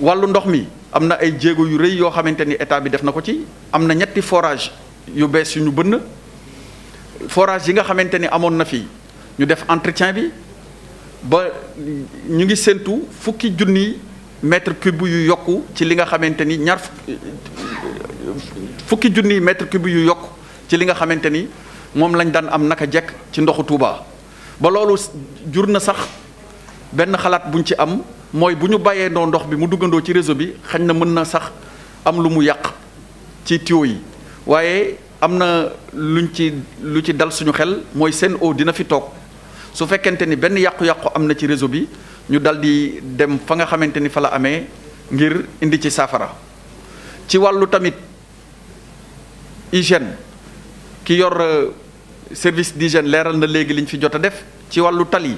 wàllu ndox mi am na ay jéego yu rëy yoo xamante ni état bi def na ko ci am na ñetti forage yu bees yu ñu bënn forage yi nga xamante ni amoon na fi ñu def entretien bi ba ñu ngi séentu fukki junni mètre cube yu yokk ci li nga xamante ni ñaar fukki junni mètre cube yu yokku ci li nga xamante ni moom lañ daan am naka jekk ci ndoxu Touba ba loolu jur na sax benn xalaat buñ ci am mooy bu ñu bàyyee ndoo ndox bi mu duggandoo ci réseau bi xañ na mën na sax am lu mu yàq ci tuyau yi waaye am na luñ ci lu ci dal suñu xel mooy seen eau dina fi toog su fekkente ni benn yàqu-yàqu am na ci réseau bi ñu dal di dem fa nga xamante ni fa la amee ngir indi ci saafara ci wàllu tamit hygiène ki yor euh, service d'hygiène leeral na léegi liñ fi jot a def ci wàllu tali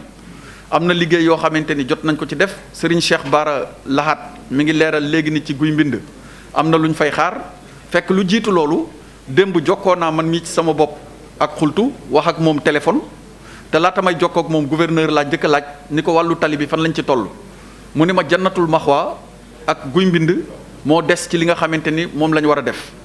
am na liggéey yoo xamante ni jot nañ ko ci def Serigne Cheikh Bara laxaat mi ngi leeral léegi nit ci guy mbind am na lu ñu fay xaar fekk lu jiitu loolu démb jokkoo naa man mii ci sama bopp ak xultu wax ak moom téléphone te laata may jokkook moom gouverneur laa njëkk laaj ni ko wàllu tali bi fan lañ ci toll mu ni ma jannatul maxwa ak guy mbind moo des ci li nga xamante ni moom la ñu war a def